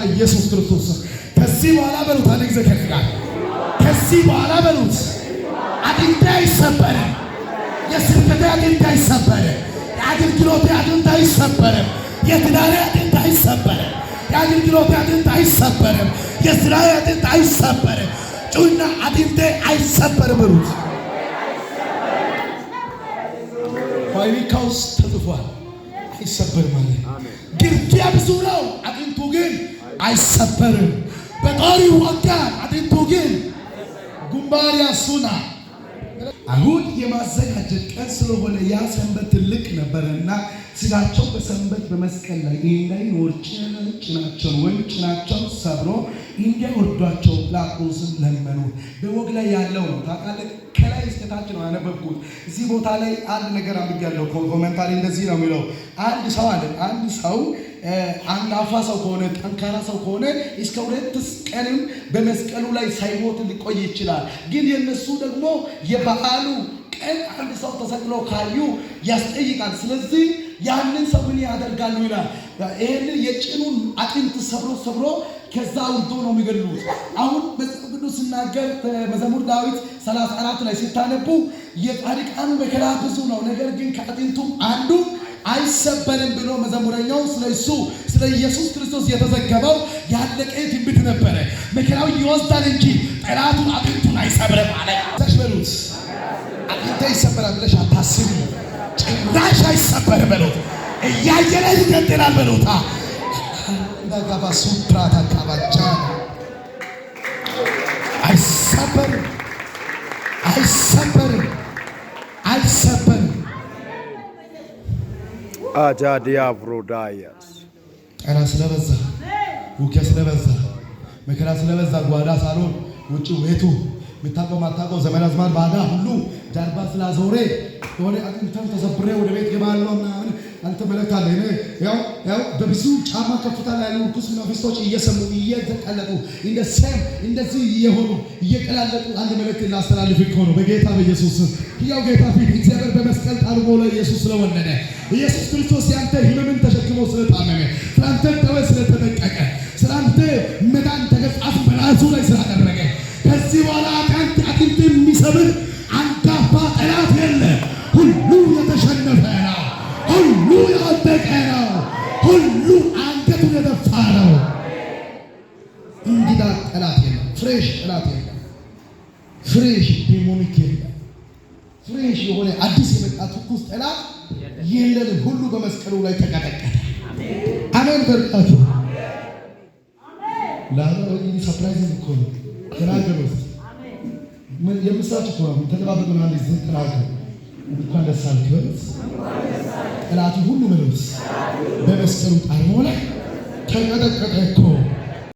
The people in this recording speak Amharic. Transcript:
በኢየሱስ ክርስቶስ ከዚህ በኋላ በሉት። አንድ ጊዜ ከፍቃል ከዚህ በኋላ በሉት። አጥንቴ አይሰበረ፣ የስብከቴ አጥንቴ አይሰበረ፣ የአገልግሎቴ አጥንት አይሰበረም። የትዳሬ አጥንት አይሰበረም። የአገልግሎቴ አጥንት አይሰበረም። የስራዬ አጥንት አይሰበረም። ጩና አጥንቴ አይሰበር በሉት። ፋይሊካ ውስጥ ተጽፏል። አይሰበር ብዙ ነው። አጥንቱ ግን አይሰበርም። በጦር ይወጋል፣ አጥንቱ ግን ግንባር ያሱናል። አይሁድ የማዘጋጀት ቀን ስለሆነ ያ ሰንበት ትልቅ ነበረና ስጋቸው በሰንበት በመስቀል ላይ እንዳይኖር ጭናቸውን ወይም ጭናቸውን ሰብሮ እንዲያወርዷቸው ጲላጦስን ለመኑት። በወግ ላይ ያለው ነው ታውቃለህ። ከላይ እስከታች ነው ያነበብኩት። እዚህ ቦታ ላይ አንድ ነገር አንብቤያለሁ። ኮመንታሪ እንደዚህ ነው የሚለው አንድ ሰው አለ አንድ ሰው አንጋፋ ሰው ከሆነ ጠንካራ ሰው ከሆነ እስከ ሁለት ቀንም በመስቀሉ ላይ ሳይሞት ሊቆይ ይችላል። ግን የነሱ ደግሞ የበዓሉ ቀን አንድ ሰው ተሰቅሎ ካዩ ያስጠይቃል። ስለዚህ ያንን ሰው ምን ያደርጋሉ ይላል። ይህንን የጭኑን አጥንት ሰብሮ ሰብሮ ከዛ ውርዶ ነው የሚገድሉት አሁን ሲናገር መዘሙር ዳዊት 34 ላይ ሲታነቡ የጻድቃኑ መከራ ብዙ ነው፣ ነገር ግን ከአጥንቱም አንዱ አይሰበርም ብሎ መዘሙረኛው ስለ እሱ ስለ ኢየሱስ ክርስቶስ የተዘገበው ያለቀ ትንቢት ነበረ። መከራው ይወስዳል እንጂ ጠላቱን አጥንቱን አይሰብርም አለ። በሉት አጥንተ ይሰበራል ብለሽ አታስቢ፣ ጭራሽ አይሰበር በሉት። እያየለ ይገጥላል በሎታ እንዳጋባሱ ትራት አካባቻ አይሰበርም፣ አይሰበርም፣ አይሰበርም። አጃዲያብሮዳያስ ጠራ ስለበዛ ውጊያ ስለበዛ መከራ ስለበዛ ጓዳ ሳሎን ውጭ ቤቱ የምታውቀው ማታውቀው ዘመን አዝማድ ባዳ ሁሉ ጀርባ ስላዞሬ የሆነ አጥንተን ተሰብሬ ወደ ቤት ገባለሁ ምናምን አልተመለካለ ያው ያው በብዙ ጫማ ከፍታ ላይ ያሉ ርኩስ መናፍስቶች እየሰሙ እየተቀለጡ እንደ ሰም እንደዚህ እየሆኑ እየቀላለጡ አንድ መልእክት ላስተላልፍ እኮ ነው በጌታ በኢየሱስ ያው ጌታ ፊት እግዚአብሔር በመስቀል ጣልሞ ላይ ኢየሱስ ስለወለደ ኢየሱስ ክርስቶስ ያንተ ህመምን ተሸክሞ ስለታመመ ስለአንተ ጠወ ስለተጠቀቀ ስለአንተ መዳን ተገጻፍ በራሱ ላይ ስላደረገ ከዚህ በኋላ ፍሬሽ ጥላት የለም። ፍሬሽ ዴሞኒክ የለም። ፍሬሽ የሆነ አዲስ የመጣ ትኩስ ጥላት የለንም። ሁሉ በመስቀሉ ላይ ተቀጠቀጠ። አሜን በርታችሁ ለአረኝ ሰፕራይዝ እኮ ነው። ተናገሩ የምስራች እኮ ተጠባበቁ ነው። ተናገሩ። እንኳን ደስ አላችሁ በሉት። ጥላቱ ሁሉ መልስ በመስቀሉ ጣር ሆነ ተቀጠቀጠ እኮ